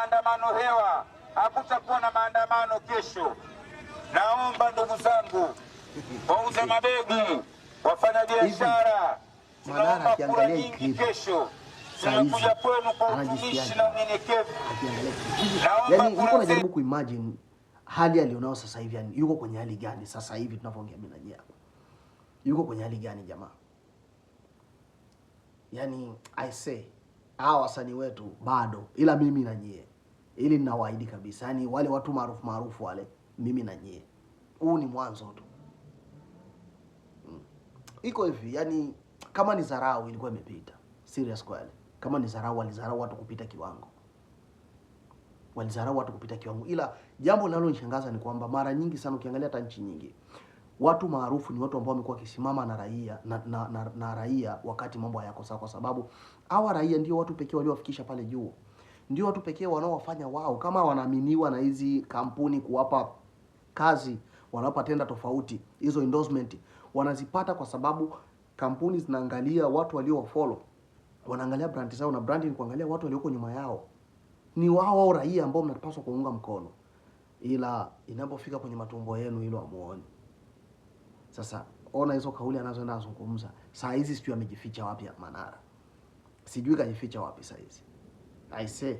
maandamano hewa, hakutakuwa na maandamano kesho. Naomba ndugu zangu, wauza mabegu, wafanya biashara, tunaomba kura nyingi kesho. Tunakuja kwenu kwa utumishi na unyenyekevu. Yani niko najaribu kuimagine hali alionao sasa hivi, yani yuko kwenye hali gani sasa hivi tunapoongea mimi na nyie hapa, yuko kwenye hali gani jamaa? Yani I say hawa wasanii wetu bado, ila mimi na nyie ili ninawaahidi kabisa, yani wale watu maarufu maarufu wale, mimi na nyie, huu ni mwanzo tu. Mm. Iko hivi, yani kama ni dharau ilikuwa imepita. Serious kweli. Kama ni dharau, walidharau watu kupita kiwango. Walidharau watu kupita kiwango. Ila jambo linalonishangaza ni kwamba mara nyingi sana ukiangalia hata nchi nyingi watu maarufu ni watu ambao wamekuwa wakisimama na raia na, na, na, na raia wakati mambo hayako sawa, kwa sababu hawa raia ndio watu pekee waliowafikisha pale juu ndio watu pekee wanaowafanya wao, kama wanaaminiwa na hizi kampuni kuwapa kazi, wanawapa tenda tofauti, hizo endorsement wanazipata kwa sababu kampuni zinaangalia watu waliowafollow, wanaangalia brand zao, na brand ni kuangalia watu walioko nyuma yao, ni wao wao raia ambao mnapaswa kuunga mkono, ila inapofika kwenye matumbo yenu hilo amuoni. Sasa ona hizo kauli anazoenda azungumza saa hizi, sijui amejificha wapi Manara, sijui kajificha wapi saa hizi. I see.